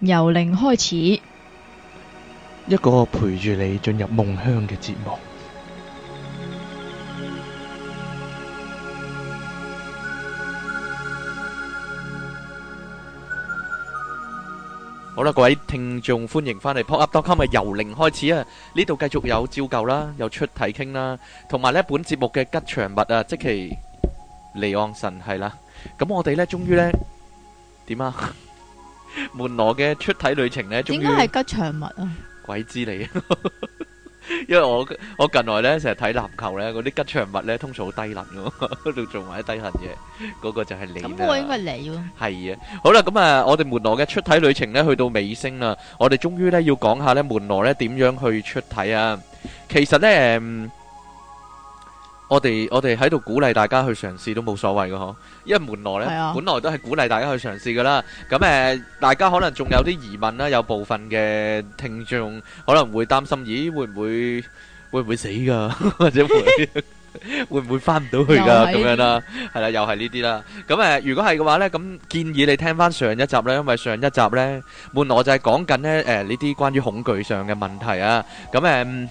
由零開始，一個陪住你進入夢鄉嘅節目。好啦，各位聽眾歡迎翻嚟。pop up dot com 嘅由零開始啊！呢度繼續有照舊啦，有出體傾啦，同埋呢本節目嘅吉祥物啊，即其尼昂神係啦。咁我哋呢，終於呢，點啊？門羅嘅出體旅程咧，應該係吉祥物啊！鬼知你，因為我我近來咧成日睇籃球咧，嗰啲吉祥物咧通常好低能咯，喺度做埋啲低能嘢，嗰個就係你啊！咁我應該係你咯。係啊，好啦，咁啊，我哋門羅嘅出體旅程咧去到尾聲啦，我哋終於咧要講下咧門羅咧點樣去出體啊！其實咧誒。我哋我哋喺度鼓勵大家去嘗試都冇所謂噶嗬，因為門羅呢本來都係鼓勵大家去嘗試噶啦。咁誒，大家可能仲有啲疑問啦，有部分嘅聽眾可能會擔心，咦會唔會會唔會死噶，或者會會唔會翻唔到去噶咁樣啦？係啦，又係呢啲啦。咁誒，如果係嘅話呢，咁建議你聽翻上一集呢，因為上一集呢門羅就係講緊呢誒呢啲關於恐懼上嘅問題啊。咁誒。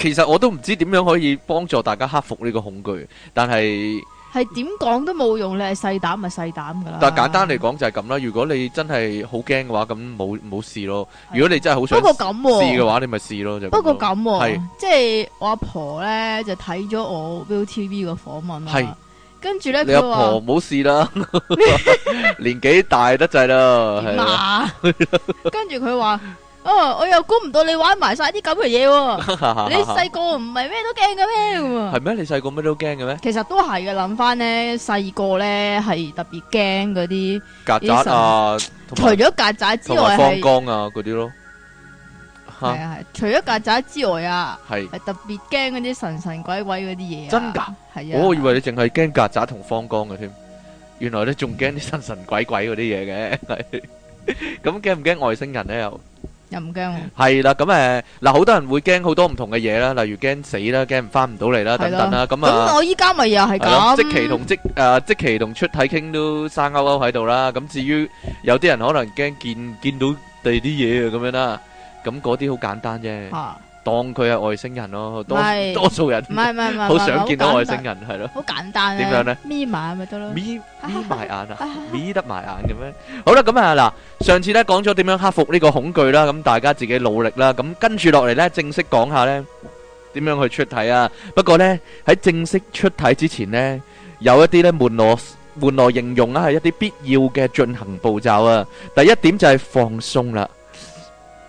其實我都唔知點樣可以幫助大家克服呢個恐懼，但係係點講都冇用，你係細膽咪細膽噶啦。但係簡單嚟講就係咁啦，如果你真係好驚嘅話，咁冇冇事咯。如果你真係好想試嘅話，你咪試咯。就不過咁係，即係我阿婆咧就睇咗我 ViuTV 個訪問，係跟住咧佢阿婆冇事啦，年紀大得滯啦。跟住佢話。哦，我又估唔到你玩埋晒啲咁嘅嘢喎！你細個唔係咩都驚嘅咩？係咩？你細個咩都驚嘅咩？其實都係嘅，諗翻咧，細個咧係特別驚嗰啲曱甴啊，除咗曱甴之外係方剛啊嗰啲咯，係啊係，除咗曱甴之外啊，係係特別驚嗰啲神神鬼鬼嗰啲嘢，真噶係啊！我我以為你淨係驚曱甴同方剛嘅添，原來你仲驚啲神神鬼鬼嗰啲嘢嘅，係咁驚唔驚外星人咧又？又唔驚嘅，係啦咁誒，嗱 好、啊、多人會驚好多唔同嘅嘢啦，例如驚死啦，驚唔返唔到嚟啦，等等啦，咁的啊，咁我依家咪又係咁，即期同即誒、啊、即期同出體傾都生勾勾喺度啦。咁至於有啲人可能驚見見到第二啲嘢啊咁樣啦，咁嗰啲好簡單啫。啊當佢係外星人咯，多多數人唔係唔係唔係，好想見到外星人係咯，好簡單啊，點樣咧？眯埋咪得咯，眯眯埋眼啊，眯得埋眼嘅咩？好啦，咁啊嗱，上次咧講咗點樣克服呢個恐懼啦，咁大家自己努力啦，咁跟住落嚟咧正式講下咧，點樣去出體啊？不過咧喺正式出體之前咧，有一啲咧門羅門羅形容啦，係一啲必要嘅進行步驟啊。第一點就係放鬆啦。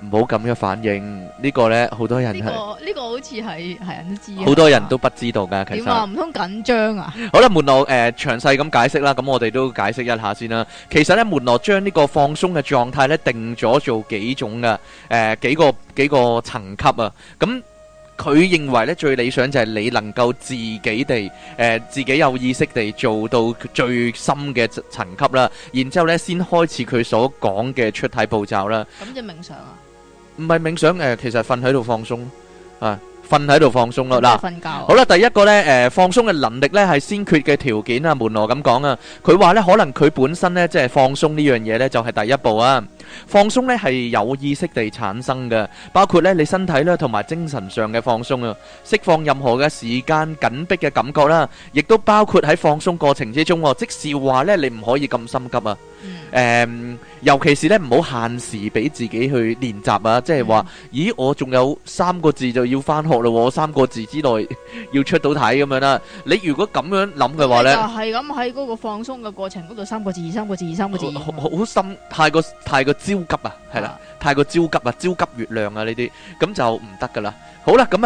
唔好咁樣反應，呢個咧好多人係呢個呢個好似係係人都知啊，好多人都不知道噶。點話唔通緊張啊？好啦，門羅誒詳細咁解釋啦，咁我哋都解釋一下先啦。其實咧，門羅將呢個放鬆嘅狀態咧定咗做幾種嘅誒幾個幾個層級啊。咁佢認為咧最理想就係你能夠自己地誒自己有意識地做到最深嘅層層級啦。然之後咧先開始佢所講嘅出體步驟啦。咁即係冥想啊？唔係冥想，誒、呃，其實瞓喺度放鬆，啊，瞓喺度放鬆咯，嗱，好啦，第一個呢，誒、呃，放鬆嘅能力呢係先決嘅條件啊，門羅咁講啊，佢話呢可能佢本身呢，即係放鬆呢樣嘢呢，就係第一步啊。放鬆咧係有意識地產生嘅，包括咧你身體啦同埋精神上嘅放鬆啊，釋放任何嘅時間緊迫嘅感覺啦，亦都包括喺放鬆過程之中，即使話咧你唔可以咁心急啊，誒，尤其是咧唔好限時俾自己去練習啊，即係話，咦，我仲有三個字就要翻學啦，三個字之內要出到體咁樣啦，你如果咁樣諗嘅話咧，係咁喺嗰個放鬆嘅過程嗰度，三個字，三個字，三個字，好心太過太過。焦急啊，係啦，太過焦急啊，焦急月亮啊呢啲，咁就唔得噶啦。好啦，咁誒，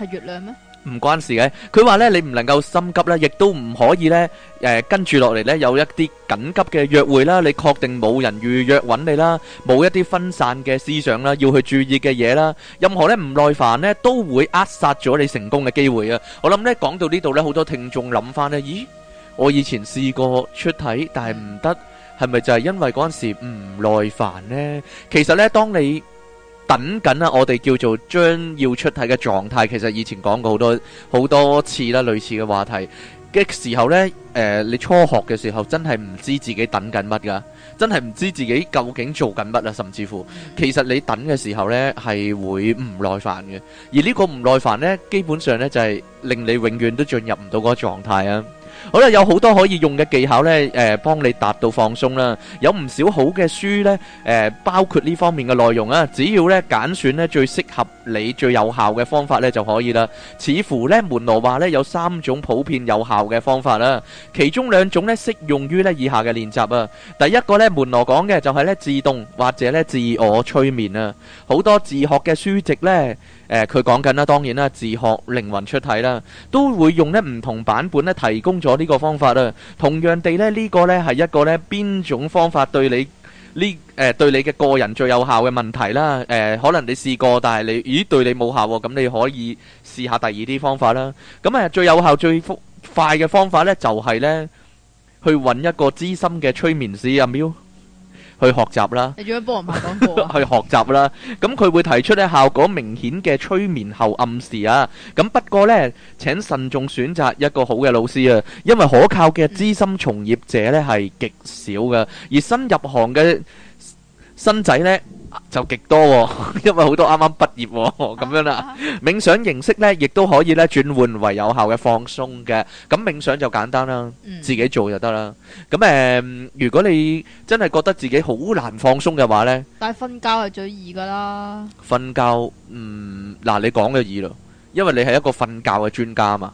係月亮咩？唔關事嘅，佢話呢，你唔能夠心急啦，亦都唔可以呢，誒跟住落嚟呢有一啲緊急嘅約會啦，你確定冇人預約揾你啦，冇一啲分散嘅思想啦，要去注意嘅嘢啦，任何呢唔耐煩呢都會扼殺咗你成功嘅機會啊！我諗呢講到呢度呢，好多聽眾諗翻呢，咦，我以前試過出體，但係唔得。係咪就係因為嗰陣時唔耐煩呢？其實呢，當你等緊啊，我哋叫做將要出體嘅狀態，其實以前講過好多好多次啦，類似嘅話題嘅時候呢，誒、呃，你初學嘅時候真係唔知自己等緊乜噶，真係唔知自己究竟做緊乜啊，甚至乎，其實你等嘅時候呢係會唔耐煩嘅，而呢個唔耐煩呢，基本上呢就係令你永遠都進入唔到嗰個狀態啊。好啦，有好多可以用嘅技巧咧，誒、呃，幫你達到放鬆啦。有唔少好嘅書咧，誒、呃，包括呢方面嘅內容啊。只要咧揀選咧最適合你、最有效嘅方法咧就可以啦。似乎咧門羅話咧有三種普遍有效嘅方法啦，其中兩種咧適用於咧以下嘅練習啊。第一個咧門羅講嘅就係咧自動或者咧自我催眠啊，好多自學嘅書籍咧。誒佢講緊啦，當然啦，自學靈魂出體啦，都會用呢唔同版本咧提供咗呢個方法啦。同樣地呢，呢、這個呢係一個呢邊種方法對你呢誒、呃、對你嘅個人最有效嘅問題啦。誒、呃、可能你試過，但係你咦對你冇效喎，咁你可以試下第二啲方法啦。咁、嗯、誒最有效最快嘅方法呢，就係、是、呢去揾一個資深嘅催眠師啊，喵！去學習啦！ 去學習啦，咁佢會提出呢效果明顯嘅催眠後暗示啊。咁不過呢，請慎重選擇一個好嘅老師啊，因為可靠嘅資深從業者呢係極少嘅，而新入行嘅。新仔呢就極多，因為好多啱啱畢業咁樣啦。啊啊、冥想形式呢亦都可以呢轉換為有效嘅放鬆嘅。咁冥想就簡單啦，嗯、自己做就得啦。咁誒、呃，如果你真係覺得自己好難放鬆嘅話呢，但係瞓覺係最易㗎、嗯、啦。瞓覺嗯嗱，你講就易咯，因為你係一個瞓覺嘅專家嘛。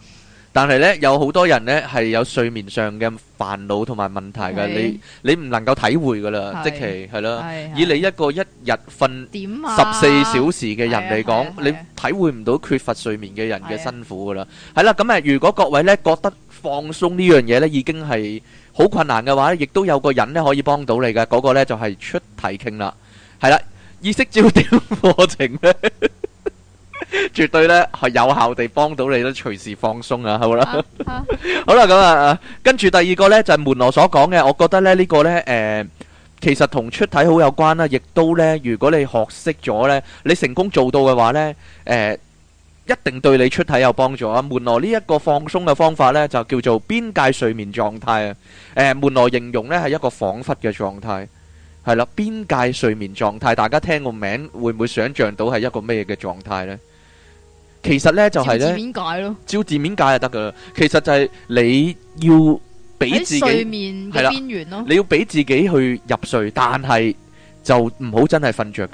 但係咧，有好多人咧係有睡眠上嘅煩惱同埋問題嘅，的你你唔能夠體會噶啦。的即係係咯。的以你一個一日瞓十四小時嘅人嚟講，你體會唔到缺乏睡眠嘅人嘅辛苦噶啦。係啦，的咁啊，如果各位咧覺得放鬆呢樣嘢咧已經係好困難嘅話咧，亦都有個人咧可以幫到你噶，嗰、那個咧就係、是、出體傾啦。係啦，意識焦點課程咧。 絕對咧係有效地幫到你都，隨時放鬆啊，好啦，好啦，咁啊，跟住第二個咧就係門羅所講嘅，我覺得咧呢個咧誒，其實同出體好有關啦，亦都咧如果你學識咗咧，你成功做到嘅話咧，誒，一定對你出體有幫助啊。門羅呢一個放鬆嘅方法咧就叫做邊界睡眠狀態啊。誒，門羅形容咧係一個恍惚嘅狀態，係啦，邊界睡眠狀態，大家聽個名會唔會想象到係一個咩嘅狀態咧？其實咧就係、是、咧，照字面解咯，照字面解就得噶啦。其實就係你要俾自己喺睡眠嘅邊緣啊，你要俾自己去入睡，但係。就唔好真係瞓著覺，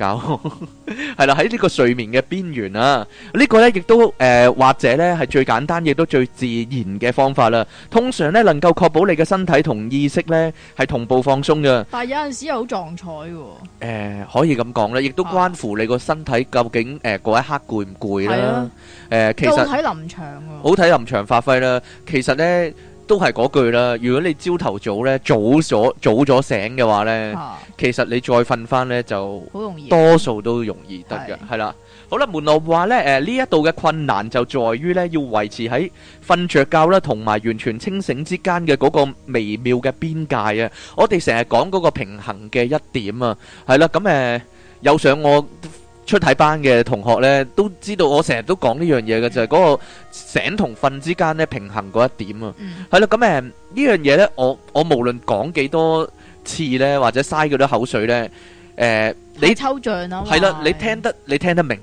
係啦，喺呢個睡眠嘅邊緣啊！呢個咧亦都誒，或者咧係最簡單，亦都最自然嘅方法啦。通常咧能夠確保你嘅身體同意識咧係同步放鬆嘅。但係有陣時又好壯彩嘅。誒，可以咁講咧，亦都關乎你個身體究竟誒嗰一刻攰唔攰啦。誒，其實好睇臨場啊，好睇臨場發揮啦。其實咧。都係嗰句啦，如果你朝頭早咧早咗早咗醒嘅話咧，啊、其實你再瞓翻咧就好容易，多數都容易得嘅，係啦的。好啦，門羅話咧，誒呢一度嘅困難就在於咧，要維持喺瞓着覺啦，同埋完全清醒之間嘅嗰個微妙嘅邊界啊。我哋成日講嗰個平衡嘅一點啊，係啦，咁誒有想我。出體班嘅同學呢，都知道我成日都講呢樣嘢嘅，嗯、就係嗰個醒同瞓之間呢平衡嗰一點啊。係啦、嗯，咁誒呢樣嘢呢，我我無論講幾多次呢，或者嘥幾多口水呢，誒、呃、你抽象啊，係啦你是，你聽得你聽得明，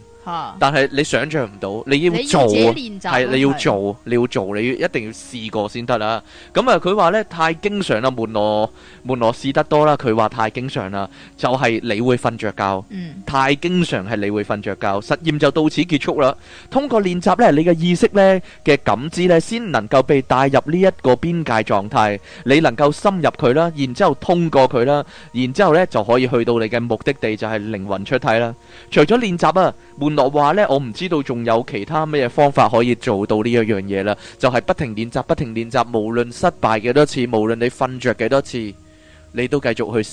但係你想象唔到，你要做，係你要做，你要做，你一定要試過先得啦。咁啊，佢話呢太經常啦，門羅門羅試得多啦，佢話太經常啦，就係你會瞓著覺，太經常係你會瞓著覺。實驗就到此結束啦。通過練習呢，你嘅意識呢嘅感知呢，先能夠被帶入呢一個邊界狀態，你能夠深入佢啦，然之後通過佢啦，然之後呢就可以去到你嘅目的地，就係靈魂出體啦。除咗練習啊，門我話咧，我唔知道仲有其他咩方法可以做到呢一樣嘢啦，就係不停練習，不停練習，無論失敗幾多次，無論你瞓着幾多次，你都繼續去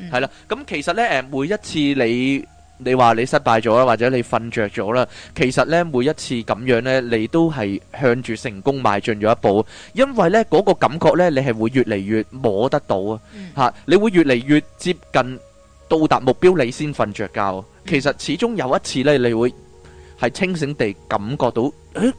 試，係啦。咁其實咧，誒，每一次你你話你失敗咗啦，或者你瞓着咗啦，其實咧，每一次咁樣咧，你都係向住成功邁進咗一步，因為咧嗰個感覺咧，你係會越嚟越摸得到啊，吓，你會越嚟越接近到達目標，你先瞓着覺。其實始終有一次咧，你會係清醒地感覺到，誒，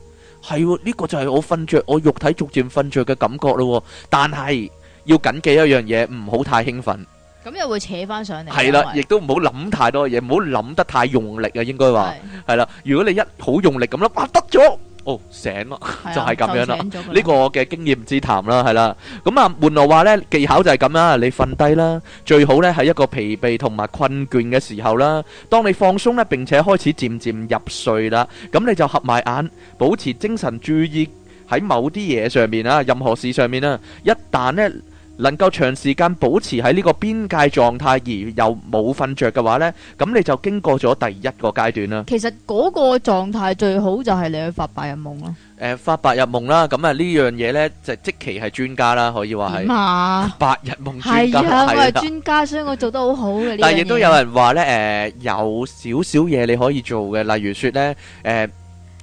係呢個就係我瞓着我肉體逐漸瞓着嘅感覺咯。但係要謹記一樣嘢，唔好太興奮。咁又會扯翻上嚟。係啦，亦都唔好諗太多嘢，唔好諗得太用力啊。應該話係啦。如果你一好用力咁啦，哇，啊，得咗。哦醒咯，就係咁樣啦。呢個我嘅經驗之談啦，係啦。咁啊，門羅話呢技巧就係咁啦。你瞓低啦，最好呢係一個疲憊同埋困倦嘅時候啦。當你放鬆呢，並且開始漸漸入睡啦，咁你就合埋眼，保持精神注意喺某啲嘢上面啊，任何事上面啊，一旦呢。能夠長時間保持喺呢個邊界狀態，而又冇瞓着嘅話呢，咁你就經過咗第一個階段啦。其實嗰個狀態最好就係你去發白日夢咯。誒、呃，發白日夢啦，咁啊呢樣嘢呢，就即期係專家啦，可以話係。媽白日夢專家係啊，啊我係專家，所以我做得好好嘅 但係亦都有人話呢，誒、呃、有少少嘢你可以做嘅，例如説呢。誒、呃。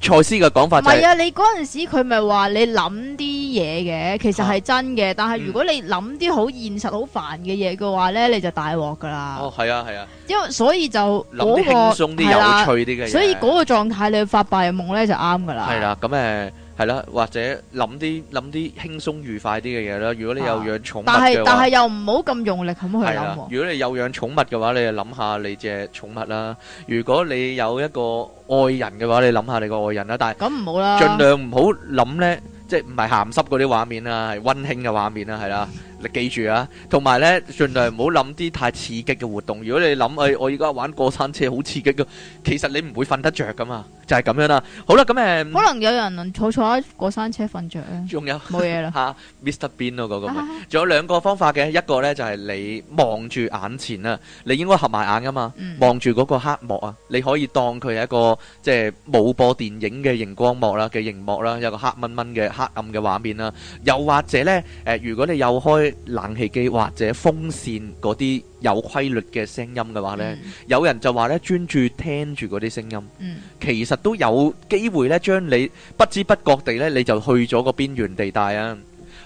蔡司嘅講法，唔係啊！你嗰陣時佢咪話你諗啲嘢嘅，其實係真嘅。啊、但係如果你諗啲好現實、好煩嘅嘢嘅話咧，你就大鑊㗎啦。哦，係啊，係啊，因為所以就諗、那、啲、個、輕鬆啲、啊、有趣啲嘅嘢，所以嗰個狀態你去發白日夢咧就啱㗎啦。係啦、啊，咁誒。呃係啦，或者諗啲諗啲輕鬆愉快啲嘅嘢啦。如果你有養寵物、啊、但係但係又唔好咁用力咁去諗、啊。如果你有養寵物嘅話，你就諗下你隻寵物啦。如果你有一個愛人嘅話，你諗下你個愛人啦。但係咁唔好啦，盡量唔好諗呢，即係唔係鹹濕嗰啲畫面啦，係溫馨嘅畫面啦，係啦。你記住啊，同埋呢，盡量唔好諗啲太刺激嘅活動。 如果你諗誒、哎，我而家玩過山車好刺激噶，其實你唔會瞓得着噶嘛。就係咁樣啦，好啦，咁誒，可能有人坐坐過山車瞓著啊，仲有冇嘢啦嚇？Mr. Bean 嗰個，仲有兩個方法嘅，一個咧就係你望住眼前啊，你應該合埋眼噶嘛，望住嗰個黑幕啊，你可以當佢係一個即係冇播電影嘅熒光幕啦嘅熒幕啦，有個黑蚊蚊嘅黑暗嘅畫面啦，又或者咧誒，如果你有開冷氣機或者風扇嗰啲有規律嘅聲音嘅話咧，有人就話咧專注聽住嗰啲聲音，嗯，其實。都有機會咧，將你不知不覺地咧，你就去咗個邊緣地帶啊！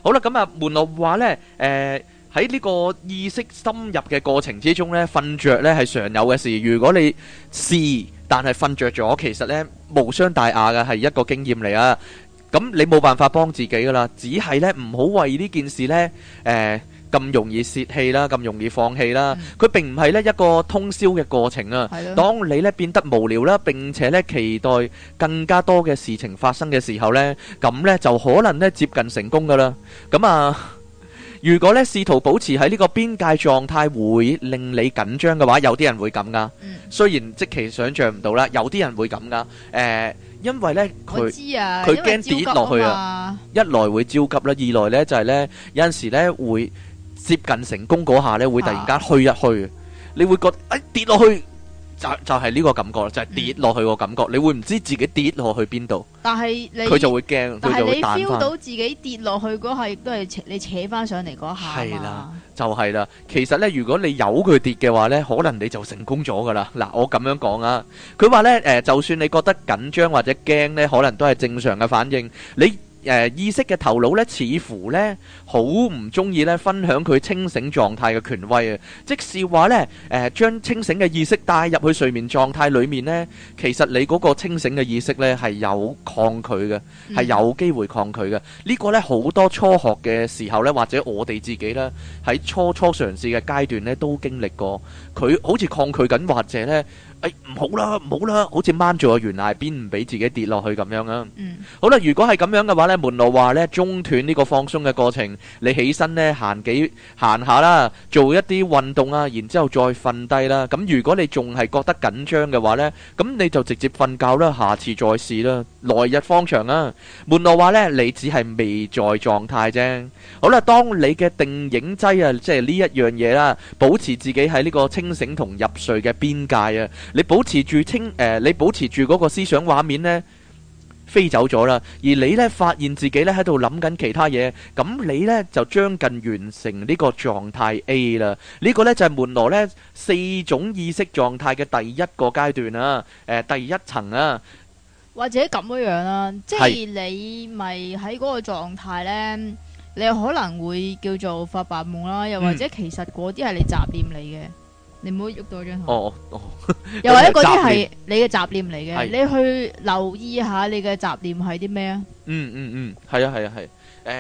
好啦，咁啊，門羅話呢，誒喺呢個意識深入嘅過程之中呢，瞓着呢係常有嘅事。如果你試，但係瞓着咗，其實呢無傷大雅嘅係一個經驗嚟啊！咁你冇辦法幫自己噶啦，只係呢唔好為呢件事呢。誒、呃。咁容易洩氣啦，咁容易放棄啦。佢並唔係呢一個通宵嘅過程啊。當你呢變得無聊啦，並且呢期待更加多嘅事情發生嘅時候呢，咁呢就可能呢接近成功噶啦。咁啊，如果呢試圖保持喺呢個邊界狀態會令你緊張嘅話，有啲人會咁噶。雖然即期想象唔到啦，有啲人會咁噶。誒，因為呢佢佢驚跌落去啊，一來會焦急啦，二來呢就係呢有陣時呢會。接近成功嗰下咧，會突然間虛一虛，你會覺誒，跌落去就就係呢個感覺，就係跌落去個感覺，你會唔知自己跌落去邊度？但係佢就會驚，但係你 feel 到自己跌落去嗰下，亦都係你扯翻上嚟嗰下啊嘛，係啦，就係啦。其實咧，如果你由佢跌嘅話咧，可能你就成功咗噶啦。嗱，我咁樣講啊，佢話咧誒，就算你覺得緊張或者驚咧，可能都係正常嘅反應。你誒、呃、意識嘅頭腦咧，似乎咧好唔中意咧分享佢清醒狀態嘅權威啊！即是話咧，誒、呃、將清醒嘅意識帶入去睡眠狀態裡面咧，其實你嗰個清醒嘅意識咧係有抗拒嘅，係有機會抗拒嘅。嗯、個呢個咧好多初學嘅時候咧，或者我哋自己咧喺初初嘗試嘅階段咧都經歷過，佢好似抗拒緊或者咧。誒，唔好啦，唔好啦，好似掹住個懸崖邊唔俾自己跌落去咁樣啊！嗯，好啦，如果係咁樣嘅話咧，門羅話咧，中斷呢個放鬆嘅過程，你起身咧行幾行下啦，做一啲運動啊，然之後再瞓低啦。咁如果你仲係覺得緊張嘅話咧，咁你就直接瞓覺啦，下次再試啦。來日方長啊！門羅話呢，你只係未在狀態啫。好啦，當你嘅定影劑啊，即係呢一樣嘢啦、啊，保持自己喺呢個清醒同入睡嘅邊界啊，你保持住清誒、呃，你保持住個思想畫面呢，飛走咗啦，而你呢，發現自己呢喺度諗緊其他嘢，咁你呢就將近完成呢個狀態 A 啦。呢、這個呢，就係、是、門羅呢四種意識狀態嘅第一個階段啊，誒、呃，第一層啊。或者咁樣樣、啊、啦，即係你咪喺嗰個狀態咧，你可能會叫做發白夢啦，嗯、又或者其實嗰啲係你雜念嚟嘅，你唔好喐到張台、哦。哦又或者嗰啲係你嘅雜念嚟嘅，你去留意下你嘅雜念係啲咩啊？嗯嗯嗯，係啊係啊係，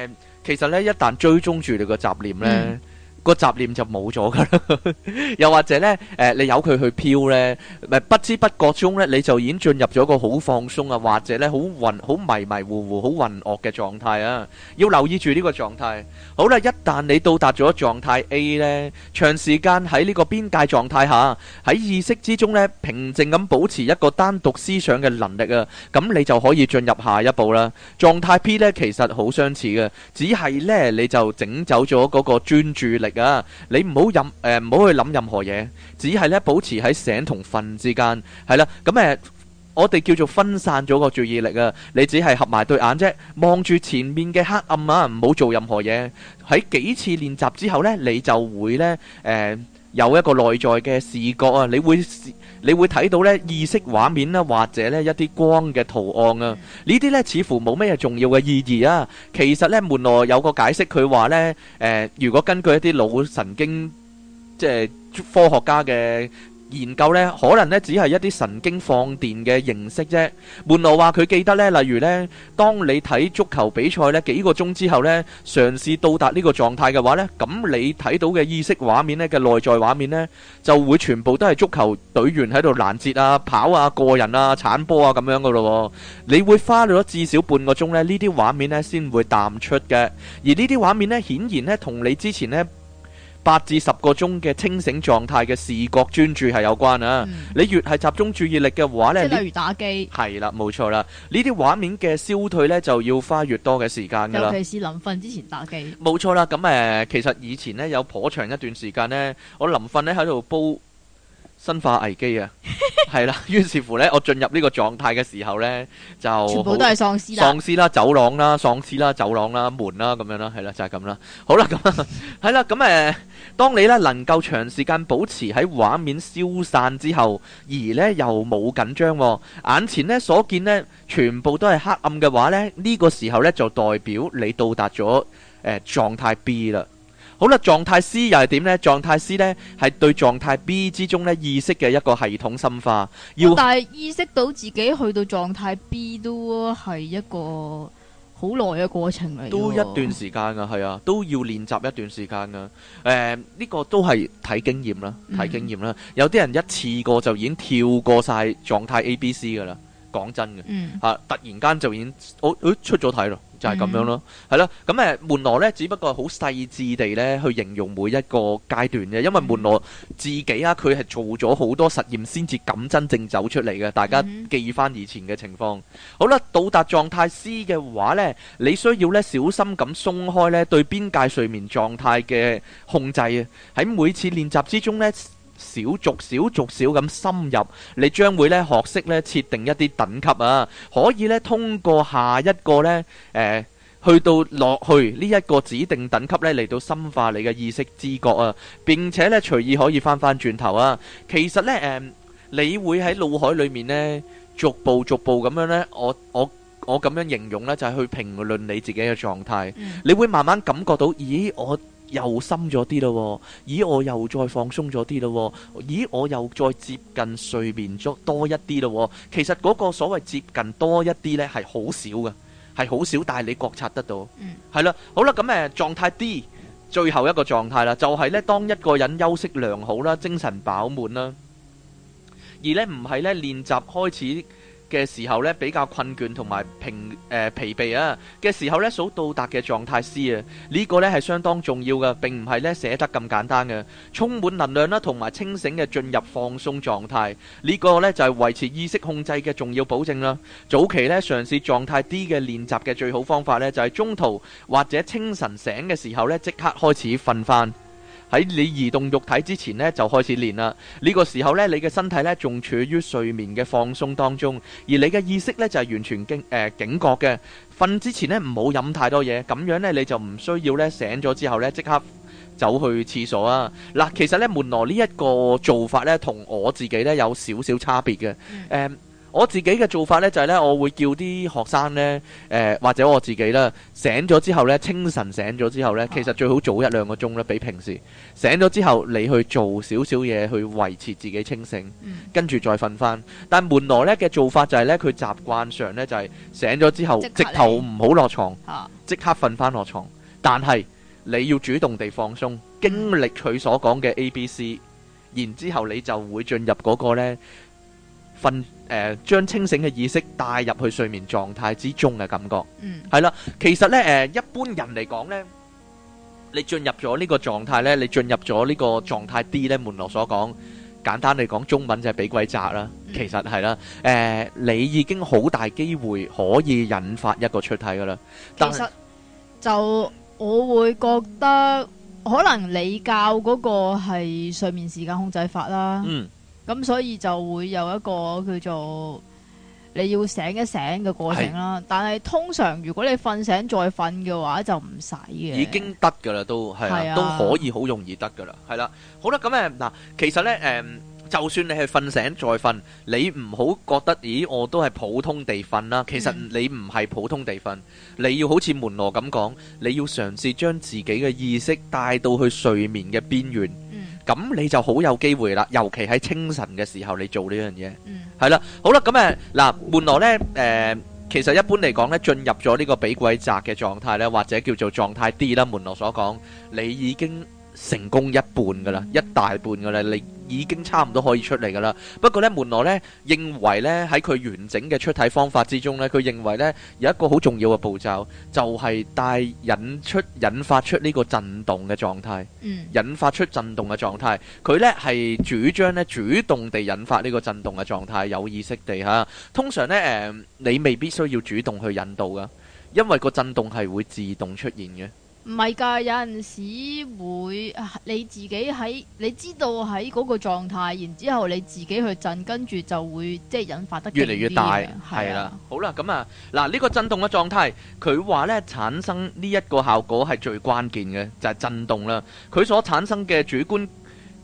誒，其實咧一旦追蹤住你個雜念咧。嗯個雜念就冇咗㗎啦，又或者咧，誒你由佢去飄咧，誒不知不覺中咧，你就已經進入咗個好放鬆啊，或者咧好暈、好迷迷糊糊、好渾噩嘅狀態啊。要留意住呢個狀態。好啦，一旦你到達咗狀態 A 咧，長時間喺呢個邊界狀態下，喺意識之中咧平靜咁保持一個單獨思想嘅能力啊，咁你就可以進入下一步啦。狀態 P 咧其實好相似嘅，只係咧你就整走咗嗰個專注力。噶，你唔好任誒，唔好去諗任何嘢，只係咧保持喺醒同瞓之間，係啦。咁誒，我哋叫做分散咗個注意力啊。你只係合埋對眼啫，望住前面嘅黑暗啊，唔好做任何嘢。喺幾次練習之後呢，你就會呢誒。有一個內在嘅視覺啊，你會你會睇到咧意識畫面啦、啊，或者呢一啲光嘅圖案啊，呢啲呢似乎冇咩重要嘅意義啊。其實呢，門羅有個解釋，佢話呢，誒、呃，如果根據一啲腦神經，即係科學家嘅，研究呢，可能呢，只係一啲神經放電嘅形式啫。門羅話佢記得呢，例如呢，當你睇足球比賽呢幾個鐘之後呢，嘗試到達呢個狀態嘅話呢，咁你睇到嘅意識畫面呢嘅內在畫面呢，就會全部都係足球隊員喺度攔截啊、跑啊、過人啊、鏟波啊咁樣噶咯。你會花咗至少半個鐘呢，呢啲畫面呢先會淡出嘅。而呢啲畫面呢，顯然呢同你之前呢。八至十個鐘嘅清醒狀態嘅視覺專注係有關啊！嗯、你越係集中注意力嘅話呢，即係例如打機，係啦，冇錯啦。呢啲畫面嘅消退呢，就要花越多嘅時間㗎啦。尤其是臨瞓之前打機，冇錯啦。咁、嗯、誒，其實以前呢，有頗長一段時間呢，我臨瞓呢喺度煲。生化危機啊，係啦， 於是乎呢，我進入呢個狀態嘅時候呢，就全部都係喪屍啦，喪屍啦，走廊啦，喪屍啦，走廊啦，門啦，咁樣啦，係啦，就係、是、咁啦。好啦，咁係啦，咁誒、 嗯，當你呢能夠長時間保持喺畫面消散之後，而呢又冇緊張、啊，眼前呢所見呢，全部都係黑暗嘅話呢，呢、這個時候呢，就代表你到達咗誒、呃、狀態 B 啦。好啦，狀態 C 又係點呢？狀態 C 呢係對狀態 B 之中呢意識嘅一個系統深化。要、哦、但係意識到自己去到狀態 B 都係一個好耐嘅過程嚟。都一段時間噶，係啊，都要練習一段時間噶。誒、呃、呢、這個都係睇經驗啦，睇經驗啦。嗯、有啲人一次過就已經跳過晒狀態 A、B、C 噶啦。講真嘅，吓突然間就已經、哦哎、出咗體咯。就係咁樣咯，係啦、mm，咁、hmm. 誒門羅呢只不過好細緻地咧去形容每一個階段嘅。因為門羅自己啊，佢係做咗好多實驗先至咁真正走出嚟嘅，大家記翻以前嘅情況。Mm hmm. 好啦，到達狀態 C 嘅話呢，你需要咧小心咁鬆開咧對邊界睡眠狀態嘅控制啊，喺每次練習之中呢。少逐少逐少咁深入，你將會咧學識咧設定一啲等級啊，可以咧通過下一個咧，誒、呃，去到落去呢一個指定等級咧嚟到深化你嘅意識知覺啊，並且咧隨意可以返返轉頭啊。其實咧，誒、呃，你會喺腦海裏面咧，逐步逐步咁樣咧，我我我咁樣形容咧就係、是、去評論你自己嘅狀態，嗯、你會慢慢感覺到，咦，我。又深咗啲咯，咦，我又再放鬆咗啲咯，咦，我又再接近睡眠咗多一啲咯。其實嗰個所謂接近多一啲咧，係好少嘅，係好少，但係你覺察得到。嗯，係啦，好啦，咁誒狀態 D 最後一個狀態啦，就係咧當一個人休息良好啦，精神飽滿啦，而咧唔係咧練習開始嘅時候咧比較困倦，同埋疲，誒，疲憊啊嘅時候咧，數到達嘅狀態 C 啊，呢個咧係相當重要嘅，並唔係咧寫得咁簡單嘅，充滿能量啦，同埋清醒嘅進入放鬆狀態，呢個咧就係維持意識控制嘅重要保證啦。早期咧嘗試狀態 D 嘅練習嘅最好方法咧就係中途或者清晨醒嘅時候咧即刻開始瞓返。喺你移動肉體之前呢，就開始練啦。呢個時候呢，你嘅身體呢，仲處於睡眠嘅放鬆當中，而你嘅意識呢，就係完全警、呃、警覺嘅。瞓之前呢，唔好飲太多嘢，咁樣呢，你就唔需要呢，醒咗之後呢，即刻走去廁所啊。嗱，其實呢，門羅呢一個做法呢，同我自己呢，有少少差別嘅誒。呃嗯我自己嘅做法呢，就係呢：我會叫啲學生呢，誒、呃、或者我自己啦，醒咗之後呢，清晨醒咗之後呢，其實最好早一兩個鐘呢，比平時醒咗之後，你去做少少嘢去維持自己清醒，跟住再瞓翻。嗯、但係門羅咧嘅做法就係呢：佢習慣上呢，就係、是、醒咗之後，直頭唔好落床，即刻瞓翻落床。啊、但係你要主動地放鬆，經歷佢所講嘅 A、B、C、嗯、B、C，然之後你就會進入嗰個咧。瞓誒，將清醒嘅意識帶入去睡眠狀態之中嘅感覺，嗯，係啦。其實咧，誒，一般人嚟講咧，你進入咗呢個狀態咧，你進入咗呢個狀態 D 咧，門羅所講，簡單嚟講中文就係俾鬼責啦。但係係啦，誒，你已經好大機會可以引發一個出體噶啦。但係就我會覺得，可能你教嗰個係睡眠時間控制法啦。嗯。咁、嗯、所以就會有一個叫做你要醒一醒嘅過程啦。是但係通常如果你瞓醒再瞓嘅話，就唔使嘅。已經得噶啦，都係、啊是啊、都可以好容易得噶啦，係啦、啊。好啦，咁誒嗱，其實呢，誒、嗯，就算你係瞓醒再瞓，你唔好覺得咦，我都係普通地瞓啦。其實你唔係普通地瞓，你要好似門羅咁講，你要嘗試將自己嘅意識帶到去睡眠嘅邊緣。咁你就好有機會啦，尤其喺清晨嘅時候你做呢樣嘢，係啦、嗯，好啦，咁誒嗱，門羅呢，誒、呃，其實一般嚟講呢，進入咗呢個俾鬼閘嘅狀態呢，或者叫做狀態 D 啦，門羅所講，你已經成功一半噶啦，一大半噶啦，你。已經差唔多可以出嚟噶啦，不過咧門羅咧認為咧喺佢完整嘅出體方法之中咧，佢認為咧有一個好重要嘅步驟，就係、是、帶引出、引發出呢個震動嘅狀態。嗯，引發出震動嘅狀態，佢咧係主張咧主動地引發呢個震動嘅狀態，有意識地嚇。通常咧誒、呃，你未必需要主動去引導噶，因為個震動係會自動出現嘅。唔係㗎，有陣時會你自己喺你知道喺嗰個狀態，然之後你自己去震，跟住就會即係引發得越嚟越大，係啦。係啦。好啦，咁啊，嗱，呢個震動嘅狀態，佢話呢產生呢一個效果係最關鍵嘅，就係震動啦。佢所產生嘅主觀。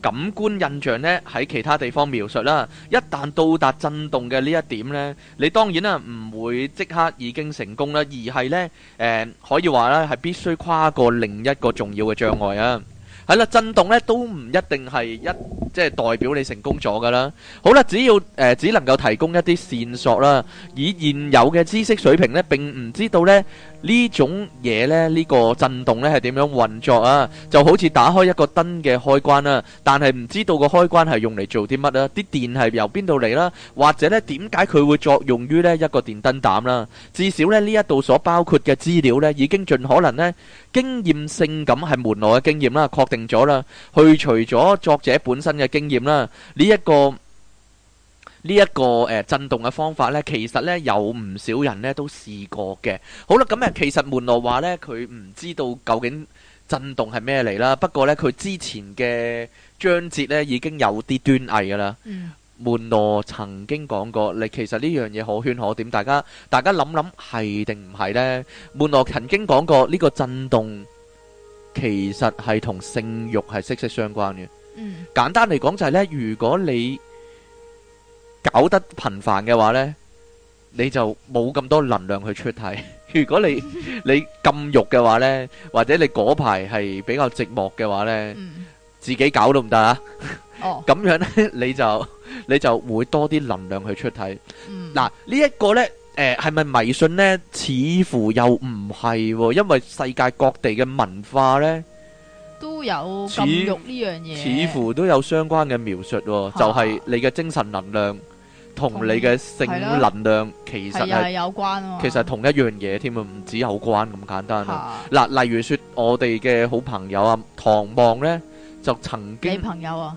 感官印象咧，喺其他地方描述啦。一旦到達振動嘅呢一點咧，你當然啊唔會即刻已經成功啦，而係咧誒可以話咧係必須跨過另一個重要嘅障礙啊。係啦，振動咧都唔一定係一即係代表你成功咗㗎啦。好啦，只要誒只能夠提供一啲線索啦，以現有嘅知識水平咧，並唔知道咧。呢種嘢咧，呢個震動咧係點樣運作啊？就好似打開一個燈嘅開關啦，但係唔知道個開關係用嚟做啲乜啦。啲電係由邊度嚟啦？或者咧，點解佢會作用於咧一個電燈膽啦？至少咧呢一度所包括嘅資料咧，已經盡可能咧經驗性咁係門內嘅經驗啦，確定咗啦，去除咗作者本身嘅經驗啦，呢一個。呢一個誒震動嘅方法呢，其實呢，有唔少人呢都試過嘅。好啦，咁誒其實門羅話呢，佢唔知道究竟震動係咩嚟啦。不過呢，佢之前嘅章節呢已經有啲端倪噶啦。嗯、門羅曾經講過，你其實呢樣嘢可圈可點，大家大家諗諗係定唔係呢？門羅曾經講過呢個震動其實係同性慾係息息相關嘅。嗯，簡單嚟講就係呢，如果你搞得頻繁嘅話呢，你就冇咁多能量去出體。 如果你你禁欲嘅話呢，或者你嗰排係比較寂寞嘅話呢，嗯、自己搞都唔得啊。 哦，咁樣呢，你就你就會多啲能量去出體。嗱，呢一個呢，誒係咪迷信呢？似乎又唔係、啊，因為世界各地嘅文化呢，都有禁慾呢樣嘢，似，似乎都有相關嘅描述，哦，啊、就係你嘅精神能量同你嘅性能量其實係有、啊、有關，其實同一樣嘢添啊，唔只有關咁簡單嗱、啊啊，例如說我哋嘅好朋友啊，唐望呢，就曾經、啊，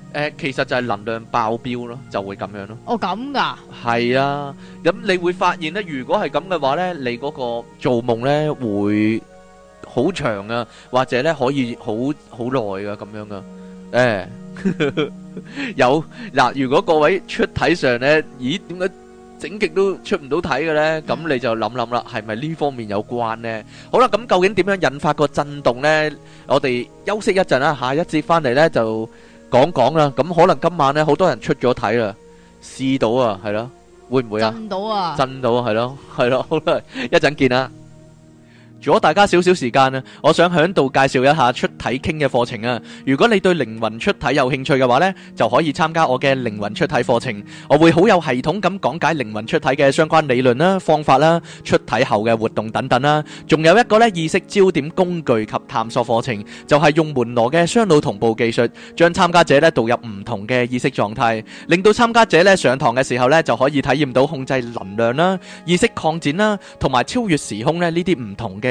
誒，其實就係能量爆表咯，就會咁樣咯。哦，咁噶。係啊，咁你會發現咧，如果係咁嘅話咧，你嗰個做夢咧會好長啊，或者咧可以好好耐噶咁樣噶。誒，有嗱，如果各位出體上咧，咦，點解整極都出唔到體嘅咧？咁你就諗諗啦，係咪呢方面有關咧？好啦，咁究竟點樣引發個震動咧？我哋休息一陣啦，下一節翻嚟咧就。講講啦，咁可能今晚咧，好多人出咗睇啦，試到啊，係咯，會唔會啊？震到啊！震到啊，係咯，係咯，好 啦，一陣見啦！如果大家少少時間啊，我想喺度介紹一下出體傾嘅課程啊！如果你對靈魂出體有興趣嘅話咧，就可以參加我嘅靈魂出體課程。我會好有系統咁講解靈魂出體嘅相關理論啦、方法啦、出體後嘅活動等等啦。仲有一個咧意識焦點工具及探索課程，就係用門羅嘅雙腦同步技術，將參加者咧導入唔同嘅意識狀態，令到參加者咧上堂嘅時候咧就可以體驗到控制能量啦、意識擴展啦，同埋超越時空咧呢啲唔同嘅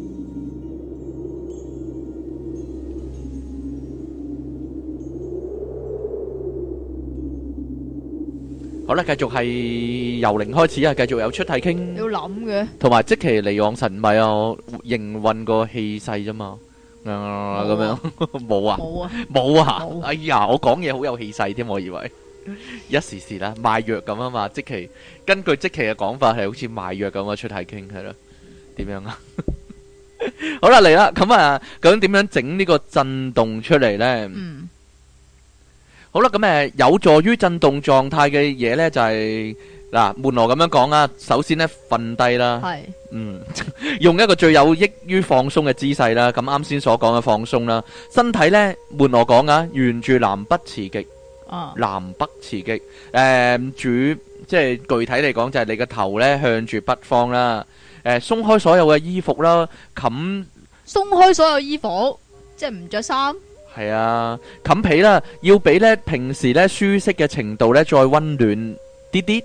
好啦，繼續係由零開始啊！繼續有出體傾，要諗嘅，同埋即其嚟往神秘啊，營運個氣勢啫嘛，啊咁樣冇啊，冇啊，冇啊，哎呀，我講嘢好有氣勢添，我以為一時時啦，賣藥咁啊嘛，即其根據即其嘅講法係好似賣藥咁啊，出體傾係咯，點樣啊？好啦，嚟啦，咁啊，究竟點樣整呢個震動出嚟咧？嗯。好啦，咁誒，有助於震動狀態嘅嘢咧，就係嗱，門羅咁樣講啊。首先咧，瞓低啦，嗯，用一個最有益於放鬆嘅姿勢啦。咁啱先所講嘅放鬆啦，身體咧，門羅講啊，沿住南北磁極，南北磁極，誒，主即係具體嚟講就係你嘅頭咧向住北方啦，誒，鬆開所有嘅衣服啦，冚鬆開所有衣服，即係唔着衫。係啊，冚被啦，要比咧平時咧舒適嘅程度咧，再溫暖啲啲。叮叮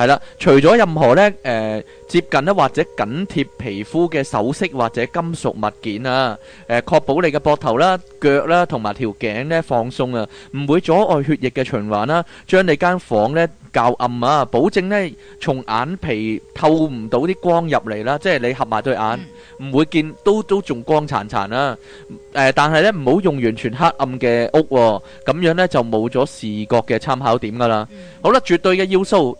係啦，除咗任何咧，誒接近咧或者緊貼皮膚嘅首飾或者金屬物件啊，誒確保你嘅膊頭啦、腳啦同埋條頸咧放鬆啊，唔會阻礙血液嘅循環啦。將你間房咧較暗啊，保證咧從眼皮透唔到啲光入嚟啦，即係你合埋對眼唔會見都都仲光殘殘啦。誒，但係咧唔好用完全黑暗嘅屋，咁樣咧就冇咗視覺嘅參考點噶啦。好啦，絕對嘅要素。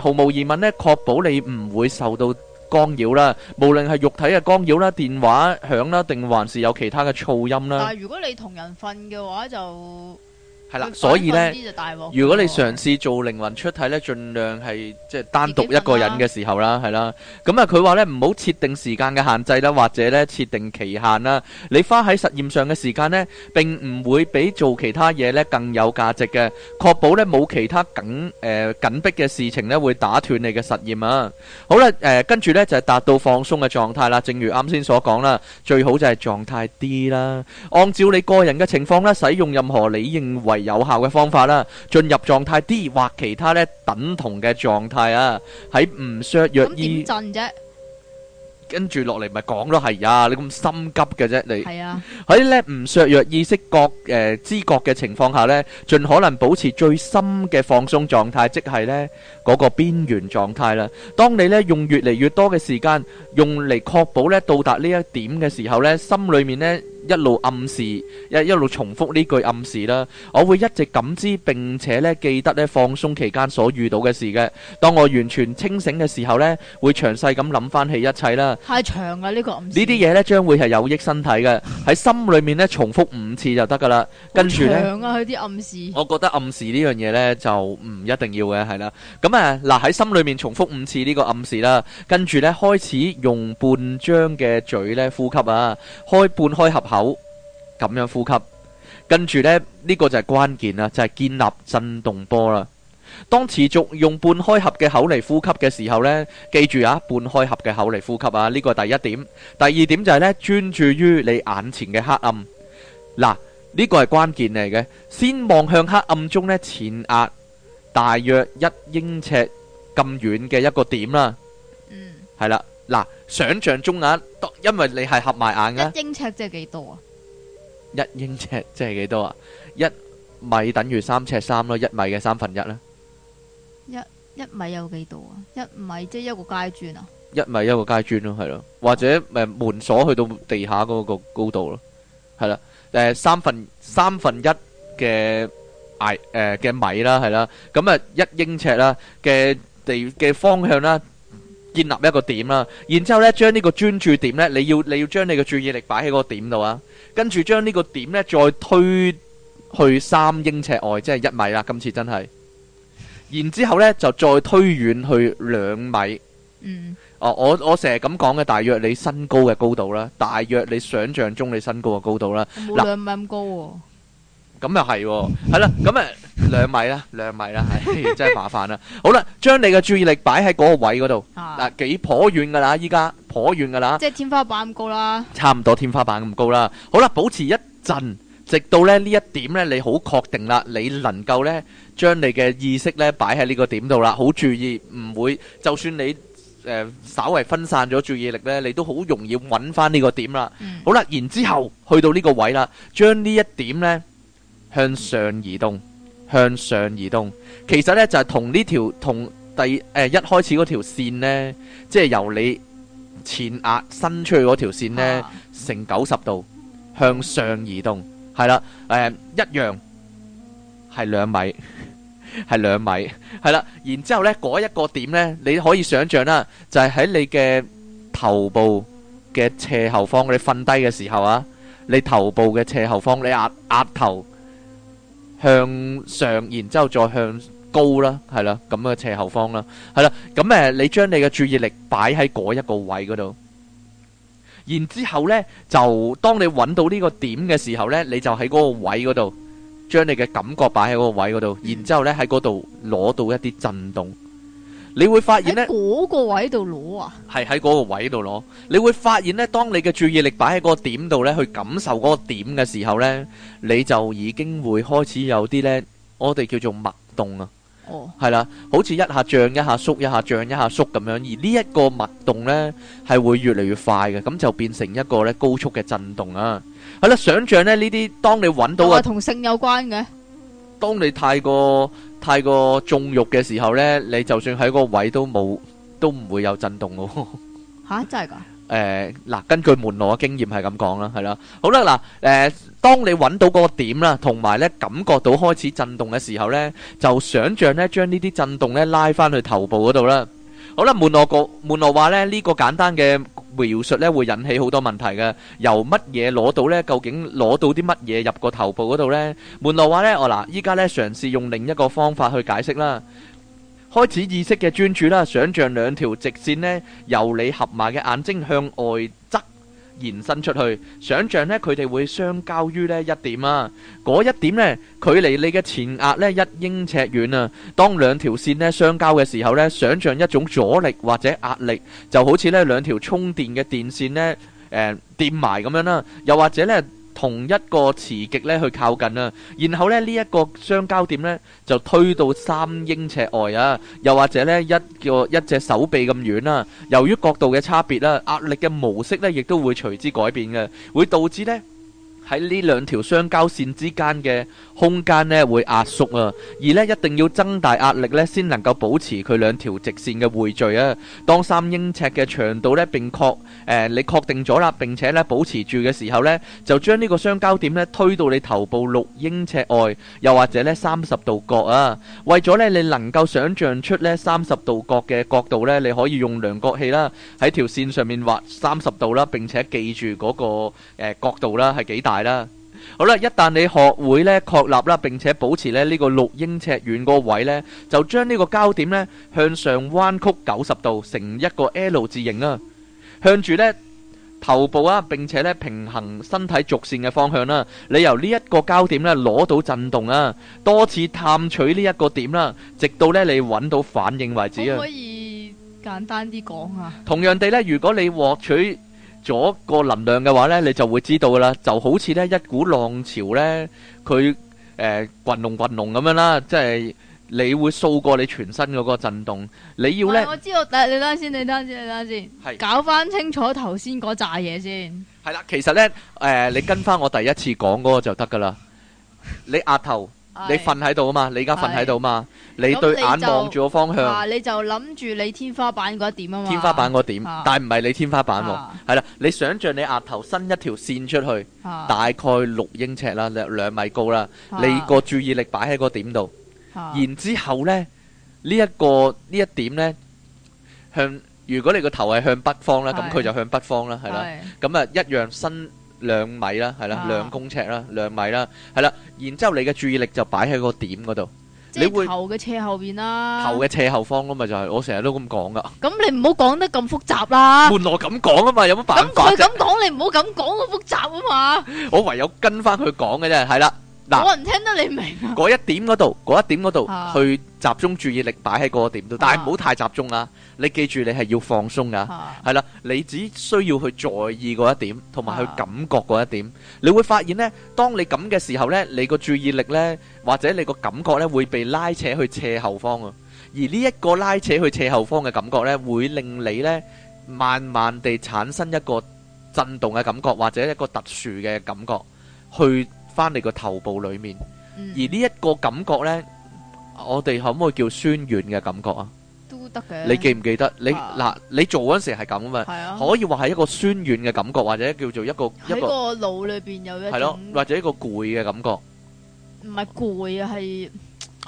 毫無疑問呢，呢確保，你唔會受到干擾啦，無論係肉體嘅干擾啦、電話響啦，定還是有其他嘅噪音啦。但係如果你同人瞓嘅話就。係啦，所以呢，如果你嘗試做靈魂出體呢，盡量係即係單獨一個人嘅時候啦，係啦。咁、嗯、啊，佢話呢，唔好設定時間嘅限制啦，或者呢設定期限啦。你花喺實驗上嘅時間呢，並唔會比做其他嘢呢更有價值嘅。確保呢冇其他緊誒緊迫嘅事情呢會打斷你嘅實驗啊。好啦，誒跟住呢就係、是、達到放鬆嘅狀態啦。正如啱先所講啦，最好就係狀態 D 啦。按照你個人嘅情況呢，使用任何你認為。有效嘅方法啦，進入狀態啲或其他咧等同嘅狀態啊，喺唔削弱意。咁點震啫？跟住落嚟咪講咯，係呀，你咁心急嘅啫，你係啊喺咧唔削弱意識覺誒知覺嘅情況下咧，盡可能保持最深嘅放鬆狀態，即係咧嗰個邊緣狀態啦。當你咧用越嚟越多嘅時間用嚟確保咧到達呢一點嘅時候咧，心裏面咧。一路暗示，一一路重複呢句暗示啦。我會一直感知並且咧記得咧放鬆期間所遇到嘅事嘅。當我完全清醒嘅時候咧，會詳細咁諗翻起一切啦。太長啊呢、呢個暗示，呢啲嘢咧將會係有益身體嘅。喺 心裏面咧重複五次就得噶啦。 跟住咧，長啊佢啲、啊、暗示。我覺得暗示呢樣嘢咧就唔一定要嘅係啦。咁、嗯、啊嗱喺心裏面重複五次呢個暗示啦。跟住咧開始用半張嘅嘴咧呼吸啊，開半開合合。口咁樣呼吸，跟住咧呢個就係關鍵啦，就係建立震動波啦。當持續用半開合嘅口嚟呼吸嘅時候咧，記住啊，半開合嘅口嚟呼吸啊，呢個係第一點。第二點就係咧，專注於你眼前嘅黑暗。嗱，呢個係關鍵嚟嘅，先望向黑暗中咧，前壓大約一英尺咁遠嘅一個點啦。嗯，係啦。嗱，想象中眼，因為你係合埋眼嘅。一英尺即係幾多啊？一英尺即係幾多啊？一米等於三尺三咯，一米嘅三分一咧。一一米有幾多啊？一米即係一個階磚啊？一米一個階磚咯，係咯，或者誒門鎖去到地下嗰個高度咯，係啦，誒三分三分一嘅哎誒嘅米啦，係啦，咁啊一英尺啦嘅地嘅方向啦。建立一個點啦，然之後咧，將呢個專注點咧，你要你要將你嘅注意力擺喺嗰個點度啊，跟住將呢個點咧再推去三英尺外，即係一米啦。今次真係，然之後咧就再推遠去兩米。嗯，哦，我我成日咁講嘅，大約你身高嘅高度啦，大約你想象中你身高嘅高度啦。冇兩米咁高。咁又係喎，係啦、啊，咁誒兩米啦，兩 米啦，係、哎、真係麻煩啦。好啦，將你嘅注意力擺喺嗰個位嗰度，嗱、啊、幾頗遠㗎啦，依家頗遠㗎啦，即係天花板咁高啦，差唔多天花板咁高啦。好啦，保持一陣，直到咧呢一點咧，你好確定啦，你能夠咧將你嘅意識咧擺喺呢個點度啦，好注意唔會就算你誒、呃、稍為分散咗注意力咧，你都好容易揾翻呢個點啦。嗯、好啦，然之後去到呢個位啦，將呢一點咧。向上移動，向上移動，其實呢，就係、是、同呢條同第、呃、一開始嗰條線呢，即係由你前額伸出去嗰條線呢，啊、成九十度向上移動，係啦，誒、呃、一樣係兩米，係 兩米，係啦，然之後呢嗰一個點呢，你可以想象啦，就係、是、喺你嘅頭部嘅斜後方，你瞓低嘅時候啊，你頭部嘅斜後方，你壓額頭。向上，然之後再向高啦，係啦，咁嘅斜後方啦，係啦，咁，誒，你將你嘅注意力擺喺嗰一個位嗰度，然之後呢，就當你揾到呢個點嘅時候呢，你就喺嗰個位嗰度，將你嘅感覺擺喺嗰個位嗰度，然之後呢，喺嗰度攞到一啲震動。你會發現呢，嗰個位度攞啊，係喺嗰個位度攞。你會發現呢，當你嘅注意力擺喺個點度呢，去感受嗰個點嘅時候呢，你就已經會開始有啲呢，我哋叫做脈動啊。哦，係啦，好似一下脹一下縮一下脹一下縮咁樣，而呢一個脈動呢，係會越嚟越快嘅，咁就變成一個呢高速嘅震動啊。係啦，想象呢呢啲，當你搵到，同性有關嘅，當你太過。太過縱慾嘅時候咧，你就算喺個位都冇，都唔會有震動咯。吓，真係噶？誒，嗱，根據門羅嘅經驗係咁講啦，係啦，好啦，嗱，誒，當你揾到嗰個點啦，同埋咧感覺到開始震動嘅時候咧，就想象咧將呢啲震動咧拉翻去頭部嗰度啦。好啦，門羅個門羅話呢，呢個簡單嘅描述呢，會引起好多問題嘅。由乜嘢攞到呢？究竟攞到啲乜嘢入個頭部嗰度呢？門羅話呢，我嗱依家呢嘗試用另一個方法去解釋啦。開始意識嘅專注啦，想像兩條直線呢，由你合埋嘅眼睛向外側，延伸出去，想象呢，佢哋會相交於呢一點啊！嗰一點呢，距離你嘅前額呢一英尺遠啊！當兩條線呢相交嘅時候呢，想象一種阻力或者壓力，就好似呢兩條充電嘅電線呢，誒，掂埋咁樣啦，啊，又或者呢。同一個磁極咧去靠近啦，然後咧呢一、呢個相交點呢，就推到三英尺外啊，又或者呢，一個一隻手臂咁遠啦。由於角度嘅差別啦、啊，壓力嘅模式呢，亦都會隨之改變嘅，會導致呢。喺呢兩條相交線之間嘅空間咧會壓縮啊，而咧一定要增大壓力咧先能夠保持佢兩條直線嘅匯聚啊。當三英尺嘅長度咧並確誒你確定咗啦，並且咧保持住嘅時候咧，就將呢個相交點咧推到你頭部六英尺外，又或者咧三十度角啊。為咗咧你能夠想像出咧三十度角嘅角度咧，你可以用量角器啦，喺條線上面畫三十度啦，並且記住嗰個誒角度啦係幾大。係啦，好啦，一旦你學會咧確立啦，並且保持咧呢個六英尺遠嗰個位呢，就將呢個焦點呢向上彎曲九十度，成一個 L 字形啦，啊，向住呢頭部啊，並且呢平衡身體軸線嘅方向啦，啊，你由呢一個焦點呢攞到震動啊，多次探取呢一個點啦，直到呢你揾到反應為止啊。可唔可以簡單啲講啊？同樣地呢，如果你獲取。咗個能量嘅話咧，你就會知道啦。就好似咧一股浪潮咧，佢誒滾動滾動咁樣啦，即係你會掃過你全身嗰個震動。你要咧，我知道。你等先，你等先，你等先，搞翻清楚頭先嗰扎嘢先。係啦，其實咧誒，你跟翻我第一次講嗰個就得噶啦。你額頭。你瞓喺度啊嘛，你而家瞓喺度啊嘛，是你對眼望住個方向，你就諗住你天花板嗰一點啊嘛，天花板嗰點，是但係唔係你天花板喎，係啦是，你想象你額頭伸一條線出去，是大概六英尺啦，兩米高啦，是你個注意力擺喺個點度，是然之後咧呢一、個呢一點呢，向，如果你個頭係向北方咧，咁佢就向北方啦，係啦，咁啊的的一樣伸。兩米啦，係啦，兩、啊、公尺啦，兩米啦，係啦，然之後你嘅注意力就擺喺個點嗰度，即係你會頭嘅斜後邊啦，頭嘅斜後方咯，嘛，就係，我成日都咁講噶。咁你唔好講得咁複雜啦。門羅咁講啊嘛，有乜辦法？咁佢咁講，你唔好咁講咁複雜啊嘛，我唯有跟翻佢講嘅啫，係啦。嗱，我唔聽得你明啊！嗰一點嗰度，嗰一點嗰度去集中注意力，擺喺嗰個點度，但係唔好太集中啦。你記住，你係要放鬆噶，係啦。你只需要去在意嗰一點，同埋去感覺嗰一點。你會發現咧，當你咁嘅時候咧，你個注意力咧，或者你個感覺咧，會被拉扯去斜後方啊。而呢一個拉扯去斜後方嘅感覺咧，會令你咧慢慢地產生一個震動嘅感覺，或者一個特殊嘅感覺去。翻你個頭部裏面，而呢一個感覺呢，我哋可唔可以叫酸軟嘅感覺啊？都得嘅。你記唔記得？你嗱，你做嗰陣時係咁啊嘛，可以話係一個酸軟嘅感覺，或者叫做一個一個腦裏邊有一係咯，或者一個攰嘅感覺。唔係攰啊，係。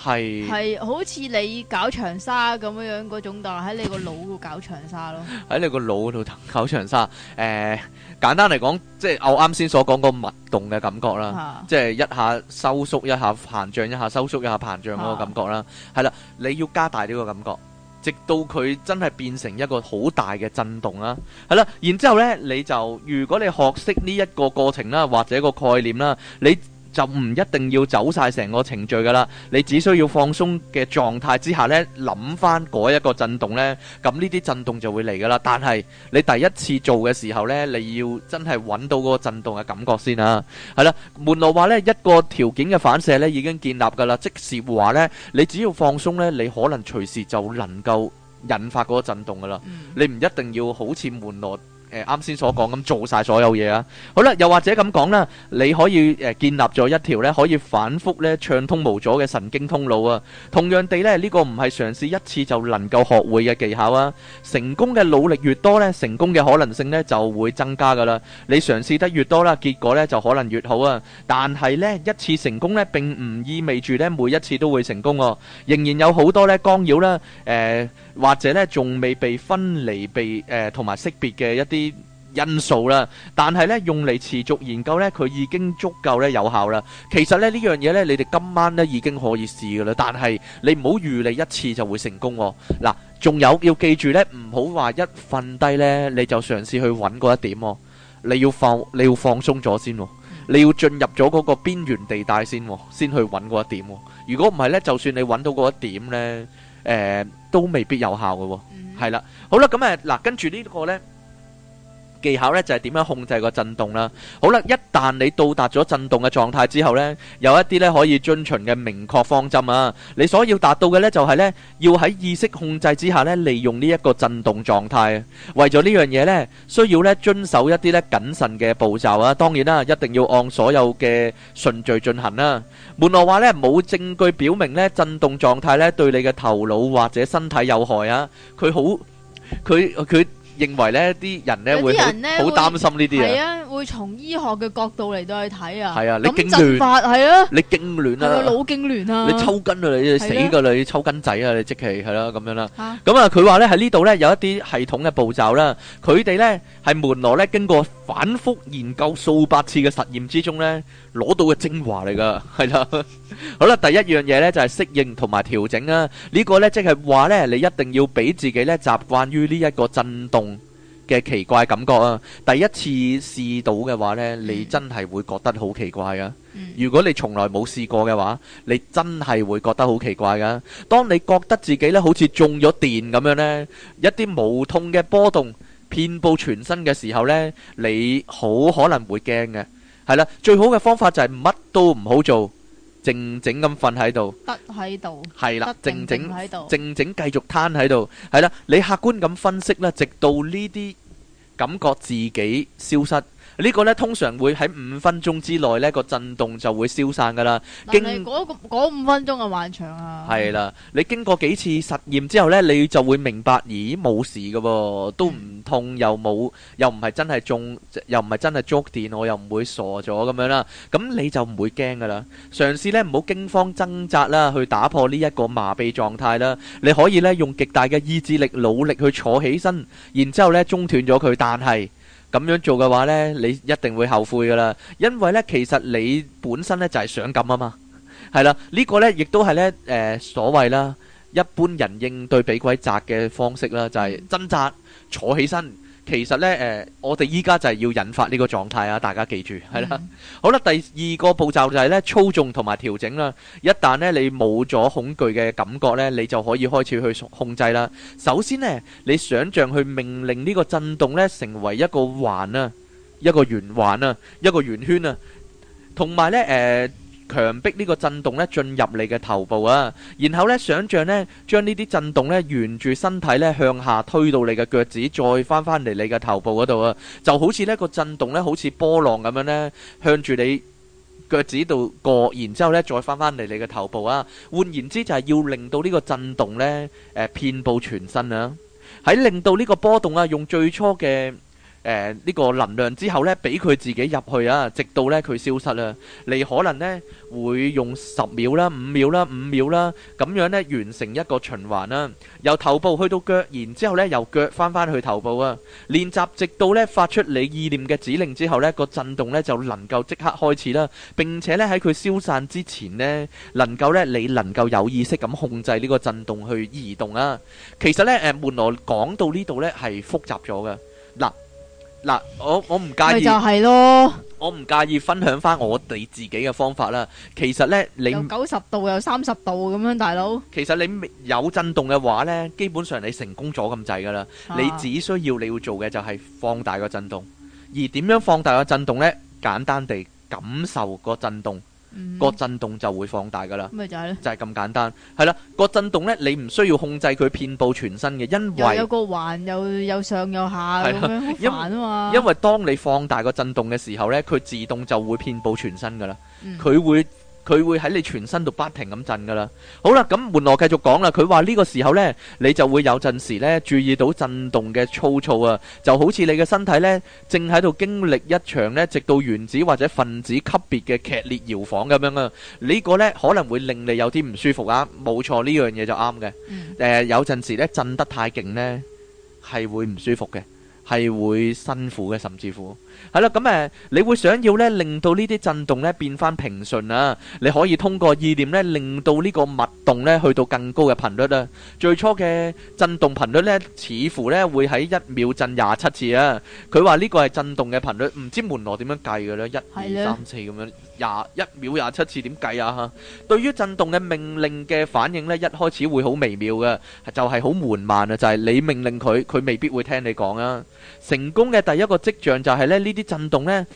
係係好似你搞長沙咁樣樣嗰種，就喺你個腦度搞長沙咯。喺 你個腦度搞長沙。誒、呃，簡單嚟講，即係我啱先所講個脈動嘅感覺啦，啊、即係一下收縮一下膨脹一下收縮一下膨脹嗰、啊、個感覺啦。係啦，你要加大呢個感覺，直到佢真係變成一個好大嘅震動啦。係啦，然之後呢，你就如果你學識呢一個過程啦，或者個概念啦，你。就唔一定要走曬成個程序噶啦，你只需要放鬆嘅狀態之下咧，諗翻嗰一個振動咧，咁呢啲振動就會嚟噶啦。但係你第一次做嘅時候咧，你要真係揾到嗰個振動嘅感覺先啊。係啦，門羅話咧一個條件嘅反射咧已經建立噶啦，即是話咧你只要放鬆咧，你可能隨時就能夠引發嗰個振動噶啦。你唔一定要好似門羅。誒，啱先所講咁做晒所有嘢啊，好啦，又或者咁講啦，你可以誒建立咗一條咧可以反復咧暢通無阻嘅神經通路啊。同樣地咧，呢個唔係嘗試一次就能夠學會嘅技巧啊。成功嘅努力越多咧，成功嘅可能性咧就會增加噶啦。你嘗試得越多啦，結果咧就可能越好啊。但係咧一次成功咧，並唔意味住咧每一次都會成功啊。仍然有好多咧干擾啦，誒。或者咧仲未被分離、被誒同埋識別嘅一啲因素啦，但係咧用嚟持續研究咧，佢已經足夠咧有效啦。其實咧呢樣嘢咧，你哋今晚咧已經可以試㗎啦。但係你唔好預你一次就會成功喎。嗱，仲有要記住咧，唔好話一瞓低咧你就嘗試去揾嗰一點喎。你要放，你要放鬆咗先，你要進入咗嗰個邊緣地帶先，先去揾嗰一點。如果唔係咧，就算你揾到嗰一點咧。誒、呃、都未必有效嘅喎、哦，係啦、mm hmm.，好啦，咁誒嗱，跟住呢個咧。技巧咧就係點樣控制個震動啦。好啦，一旦你到達咗震動嘅狀態之後呢，有一啲呢可以遵循，嘅明確方針啊。你所要達到嘅呢，就係呢要喺意識控制之下呢，利用呢一個震動狀態。為咗呢樣嘢呢，需要呢遵守一啲呢謹慎嘅步驟啊。當然啦，一定要按所有嘅順序進行啦。門羅話呢冇證據表明呢震動狀態呢對你嘅頭腦或者身體有害啊。佢好，佢佢。認為咧啲人咧會好很擔會心呢啲嘢，係啊，會從醫學嘅角度嚟到去睇啊。係這樣 啊，你驚亂，啊，係咯，啊，你驚亂啦，佢老驚亂啦，你抽筋啊，你死個，啊、你抽筋仔啊，你即係係咯咁樣啦。咁啊，佢話咧喺呢度咧有一啲系統嘅步驟啦，佢哋咧係門羅咧經過反覆研究數百次嘅實驗之中咧。攞到嘅精華嚟噶，係啦， 好啦，第一樣嘢呢就係、是、適應同埋調整啊！呢、這個呢，即係話呢，你一定要俾自己呢習慣於呢一個震動嘅奇怪感覺啊！第一次試到嘅話呢，你真係會覺得好奇怪噶。嗯、如果你從來冇試過嘅話，你真係會覺得好奇怪噶。當你覺得自己呢好似中咗電咁樣呢，一啲無痛嘅波動遍布全身嘅時候呢，你好可能會驚嘅。係啦，最好嘅方法就係乜都唔好做，靜靜咁瞓喺度，得喺度。係啦，靜靜喺度，靜靜繼續攤喺度。係啦，你客觀咁分析啦，直到呢啲感覺自己消失。個呢個咧通常會喺五分鐘之內呢、呢個震動就會消散噶啦。但係嗰五分鐘嘅幻象啊，係啦。你經過幾次實驗之後呢，你就會明白，咦冇事嘅喎、哦，都唔痛又冇，又唔係真係中，又唔係真係觸電，我又唔會傻咗咁樣啦。咁你就唔會驚噶啦。嘗試呢，唔好驚慌掙扎啦，去打破呢一個麻痹狀態啦。你可以呢，用極大嘅意志力努力去坐起身，然之後,後呢，中斷咗佢，但係。咁樣做嘅話呢，你一定會後悔㗎喇，因為呢，其實你本身呢就係、是、想咁啊嘛，係 啦，呢、這個呢，亦都係呢，誒、呃、所謂啦，一般人應對俾鬼責嘅方式啦，就係、是、掙扎坐起身。其實咧，誒，我哋依家就係要引發呢個狀態啊！大家記住，係啦，好啦，第二個步驟就係咧操縱同埋調整啦。一旦咧你冇咗恐懼嘅感覺咧，你就可以開始去控制啦。首先咧，你想象去命令呢個震動咧，成為一個環啊，一個圓環啊，一個圓圈啊，同埋咧，誒。強迫呢個震動咧進入你嘅頭部啊，然後咧想象，呢，將呢啲震動咧沿住身體咧向下推到你嘅腳趾，再翻翻嚟你嘅頭部嗰度啊，就好似呢、呢個震動咧好似波浪咁樣咧向住你腳趾度過，然之後咧再翻翻嚟你嘅頭部啊。換言之，就係要令到呢個震動咧誒、呃、遍布全身啊，喺令到呢個波動啊，用最初嘅。誒呢個能量之後咧，俾佢自己入去啊，直到咧佢消失啦。你可能咧會用十秒啦、五秒啦、五秒啦咁樣咧完成一個循環啦，由頭部去到腳，然之後咧由腳翻翻去頭部啊。練習直到咧發出你意念嘅指令之後咧，個震動咧就能夠即刻開始啦。並且咧喺佢消散之前咧，能夠咧你能夠有意識咁控制呢個震動去移動啊。其實咧誒，門羅講到呢度咧係複雜咗嘅嗱。嗱，我我唔介意就係咯，我唔介意分享翻我哋自己嘅方法啦。其實咧，你九十度又三十度咁樣，大佬。其實你有震動嘅話咧，基本上你成功咗咁滯噶啦。啊、你只需要你要做嘅就係放大個震動，而點樣放大個震動咧？簡單地感受個震動。個、嗯、震動就會放大噶啦，咪就係就係咁簡單，係啦。個震動咧，你唔需要控制佢遍佈全身嘅，因為有個環有上又上有下咁的、啊、因，因為當你放大個震動嘅時候咧，佢自動就會遍佈全身噶啦，佢、嗯、會。佢會喺你全身度不停咁震噶啦。好啦，咁門羅繼續講啦。佢話呢個時候呢，你就會有陣時呢，注意到震動嘅粗糙啊，就好似你嘅身體呢正喺度經歷一場呢，直到原子或者分子級別嘅劇烈搖晃咁樣啊。呢個呢可能會令你有啲唔舒服啊。冇錯，呢樣嘢就啱嘅。誒，有陣時呢震得太勁呢，係會唔舒服嘅，係會辛苦嘅，甚至乎。係啦，咁誒，你會想要咧，令到呢啲震動咧變翻平順啊？你可以通過意念咧，令到呢個脈動咧去到更高嘅頻率啦。最初嘅震動頻率咧，似乎咧會喺一秒震廿七次啊。佢話呢個係震動嘅頻率，唔知門羅點樣計嘅咧，一二三四咁樣廿一秒廿七次點計啊吓？對於震動嘅命令嘅反應咧，一開始會好微妙嘅，就係好緩慢啊，就係你命令佢，佢未必會聽你講啊。成功嘅第一個跡象就係咧呢。呢啲震動呢，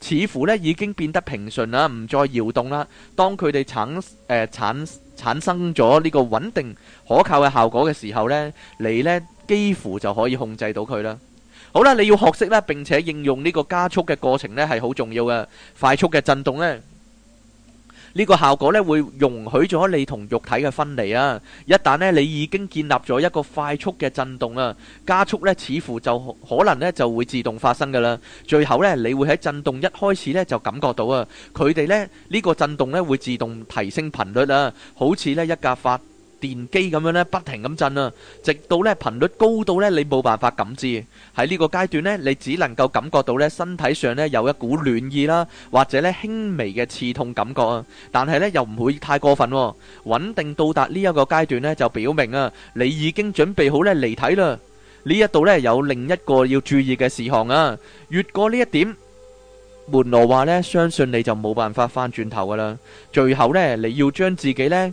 似乎呢已經變得平順啦，唔再搖動啦。當佢哋產誒、呃、產產生咗呢個穩定可靠嘅效果嘅時候呢，你呢幾乎就可以控制到佢啦。好啦，你要學識啦，並且應用呢個加速嘅過程呢係好重要嘅。快速嘅震動呢。呢個效果咧會容許咗你同肉體嘅分離啊！一旦咧你已經建立咗一個快速嘅震動啊，加速咧似乎就可能咧就會自動發生㗎啦。最後咧你會喺震動一開始咧就感覺到啊，佢哋咧呢個震動咧會自動提升頻率啊，好似呢一格發電機咁樣咧，不停咁震啦，直到咧頻率高到咧，你冇辦法感知。喺呢個階段咧，你只能夠感覺到咧身體上咧有一股暖意啦，或者咧輕微嘅刺痛感覺啊。但係咧又唔會太過分，穩定到達呢一個階段咧，就表明啊，你已經準備好咧離體啦。呢一度咧有另一個要注意嘅事項啊，越過呢一點，門羅話咧，相信你就冇辦法翻轉頭噶啦。最後咧，你要將自己咧。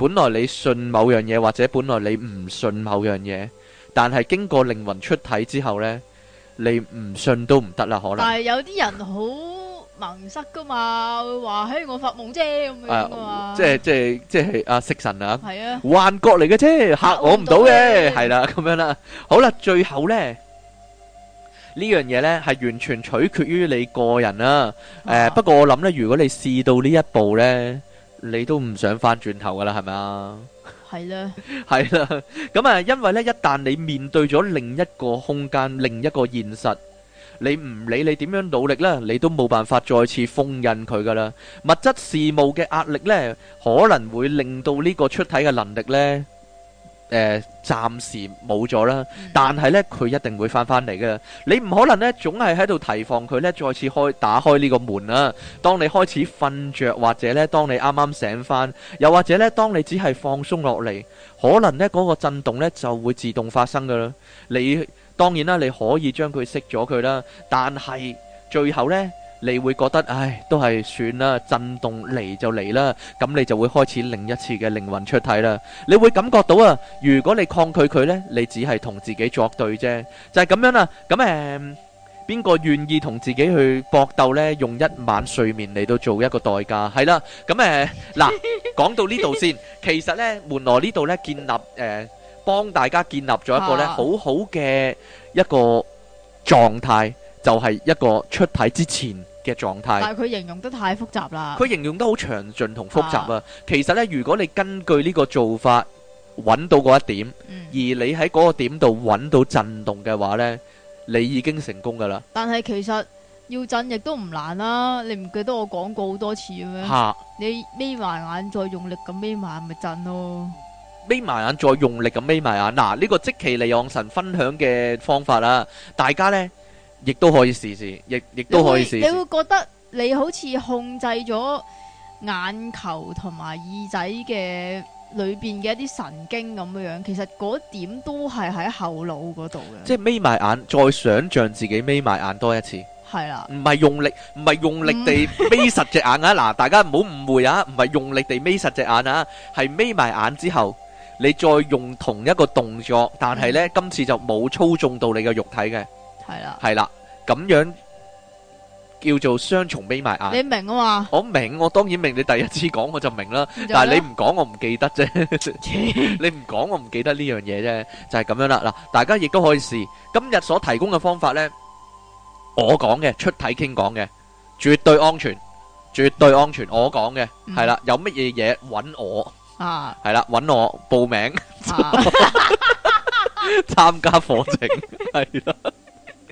本來你信某樣嘢，或者本來你唔信某樣嘢，但係經過靈魂出體之後咧，你唔信都唔得啦，可能。但係有啲人好盲塞噶嘛，會話嘿，我發夢啫咁樣啊嘛，即係即係即係阿食神啊，係啊，幻覺嚟嘅啫，嚇我唔到嘅，係啦咁樣啦，好啦，最後咧呢樣嘢咧係完全取決於你個人啦，誒，不過我諗咧，如果你試到呢一步咧。你都唔想返轉頭噶啦，係咪啊？係啦，係啦。咁啊，因為呢，一旦你面對咗另一個空間、另一個現實，你唔理你點樣努力呢，你都冇辦法再次封印佢噶啦。物質事務嘅壓力呢，可能會令到呢個出體嘅能力呢。誒，暫時冇咗啦，但係呢，佢一定會翻返嚟嘅。你唔可能呢，總係喺度提防佢呢，再次開打開呢個門啦、啊。當你開始瞓着，或者呢，當你啱啱醒翻，又或者呢，當你只係放鬆落嚟，可能呢嗰個震動呢就會自動發生噶啦。你當然啦，你可以將佢熄咗佢啦，但係最後呢。你會覺得，唉，都係算啦，震動嚟，就嚟啦，咁你就會開始另一次嘅靈魂出體啦。你會感覺到啊，如果你抗拒佢呢，你只係同自己作對啫，就係、是、咁樣啦。咁誒，邊、呃、個願意同自己去搏鬥呢？用一晚睡眠嚟到做一個代價，係、呃、啦。咁誒，嗱，講到呢度先，其實呢，門羅呢度呢，建立誒、呃，幫大家建立咗一個呢好好嘅一個狀態，就係、是、一個出體之前。嘅狀態，但係佢形容得太複雜啦。佢形容得好詳盡同複雜啊。其實咧，如果你根據呢個做法揾到嗰一點，而你喺嗰個點度揾到震動嘅話咧，你已經成功噶啦。但係其實要震亦都唔難啦，你唔記得我講過好多次咩？嚇！你眯埋眼再用力咁眯埋咪震咯。眯埋眼再用力咁眯埋眼。嗱，呢個即奇利昂神分享嘅方法啦，大家咧。亦都可以試試，亦亦都可以試。你會覺得你好似控制咗眼球同埋耳仔嘅裏邊嘅一啲神經咁樣，其實嗰點都係喺後腦嗰度嘅。即係眯埋眼，再想象自己眯埋眼多一次。係啦，唔係用力，唔係用力地眯實隻眼啊！嗱，大家唔好誤會啊，唔係用力地眯實隻眼啊，係眯埋眼之後，你再用同一個動作，但係呢，今次就冇操縱到你嘅肉體嘅。係啦，係啦，咁樣叫做雙重眯埋眼。你明啊嘛？我明，我當然明。你第一次講我就明啦，但係你唔講我唔記得啫。你唔講我唔記得呢樣嘢啫，就係咁樣啦。嗱，大家亦都可以試今日所提供嘅方法呢。我講嘅出體傾講嘅，絕對安全，絕對安全。我講嘅係啦，有乜嘢嘢揾我啊？係啦，揾我報名參加課程，係啦。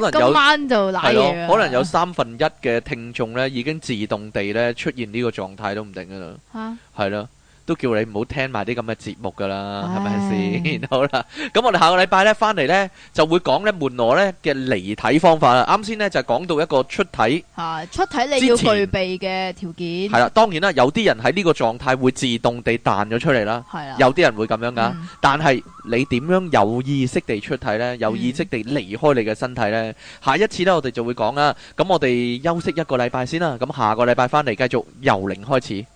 可能有，今晚就係咯。可能有三分一嘅聽眾咧，已經自動地咧出現呢個狀態都唔定噶啦，係咯，啊。都叫你唔好聽埋啲咁嘅節目噶啦，係咪先？好啦，咁我哋下個禮拜呢翻嚟呢，就會講呢門羅呢嘅離體方法啦。啱先呢就講到一個出體吓，出體你要具備嘅條件係啦。當然啦，有啲人喺呢個狀態會自動地彈咗出嚟啦。係啊，有啲人會咁樣噶。但係你點樣有意識地出體呢？有意識地離開你嘅身體呢？下一次呢，我哋就會講啦。咁我哋休息一個禮拜先啦。咁下個禮拜翻嚟繼續由零開始。